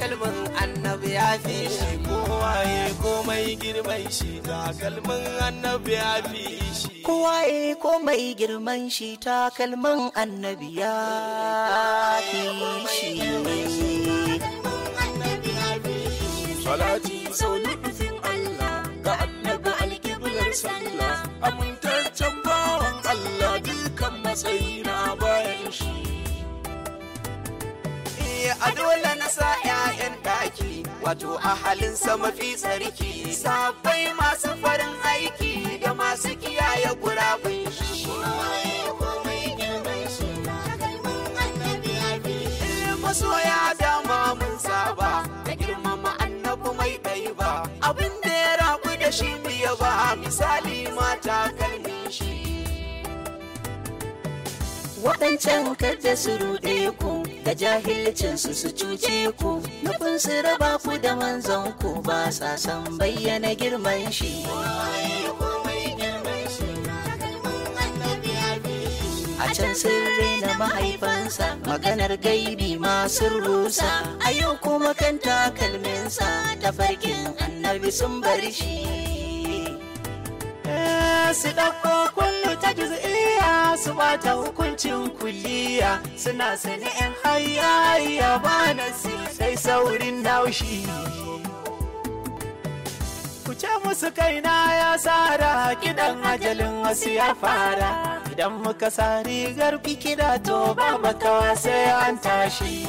takalmin annabi ya fi shi kowa ya komai girman shi takalman annabi ya fi shi kowa ya komai girman shi takalmin annabi ya fi shi salati sau nufin Allah ga annabi alkiblar sallah amintaccen bawan Allah dukan matsayi na bayan shi eh, a dole na sa'a wato ahalin sama mafi tsarki sabbai masu farin aiki da masu kiyaye gurabin shi eh, masoya dama mun saba da girmama annabu mai ɗai ba abin da ya rabu da shi biya ba misali mata kalmi shi waɗancan da su ruɗe ku da jahilcin su su cuce ku kun su raba ku da manzon ku ba sa san bayyana girman shi a can sirri na mahaifansa maganar gaibi masu rusa a yau kuma kan takalminsa ta farkin annabi sun bar shi eh, su ɗauko juz'iya su bata hukuncin kulliya suna sani yan ba si sai saurin naushi ce musu kaina ya tsara kidan ajalin wasu ya fara idan muka sa rigar kida to ba makawa sai an tashi.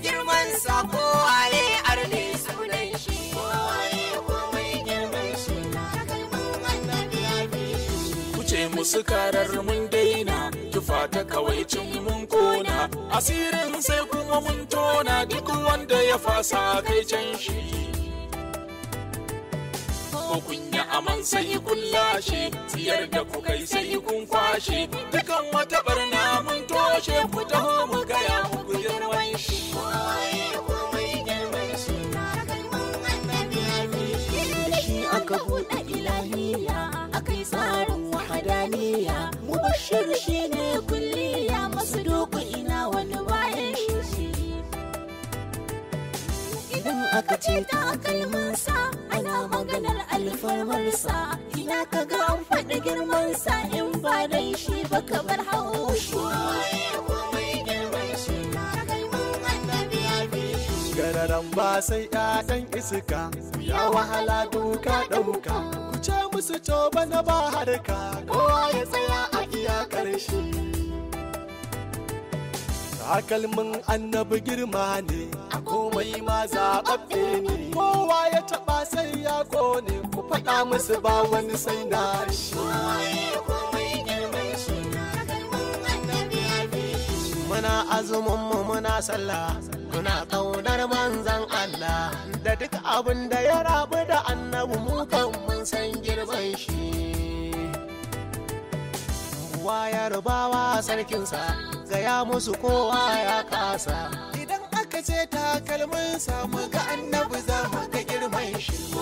girman sa ko waye arne sunan shi komai girman shi na annabi kuce musu karar mun daina tufa ta kawai cin mun kona asirin sai kuma mun tona duk wanda ya fasa kai can shi ko kunya aman sai kun lashe siyar da ku kai sai kun kwashe dukan wata barna mun toshe ku taho mu ga akai tsarin wahadaniya mubashir shi ne kulliya masu doku ina wani bayan shi idan aka ce ta kalmansa ana maganar alfarmarsa ina ka ga an faɗi girmansa in ba dai shi ba bar haushi Gararan ba sai 'ya'yan iska, ya wahala duka ɗauka, ku ce musu toba na ba harka kowa ya tsaya a iyakar shi takalmin annabi girma ne a komai ma zaɓaɓɓe ne kowa ya taɓa sai ya kone ku faɗa musu ba wani sai na shi muna azumin mu muna sallah muna kaunar manzan Allah da duk abin da ya rabu da annabi mu kan mun san girman shi wayar bawa sa gaya musu kowa ya kasa idan aka ce takalmin samu ga annabi za mu ga girman shi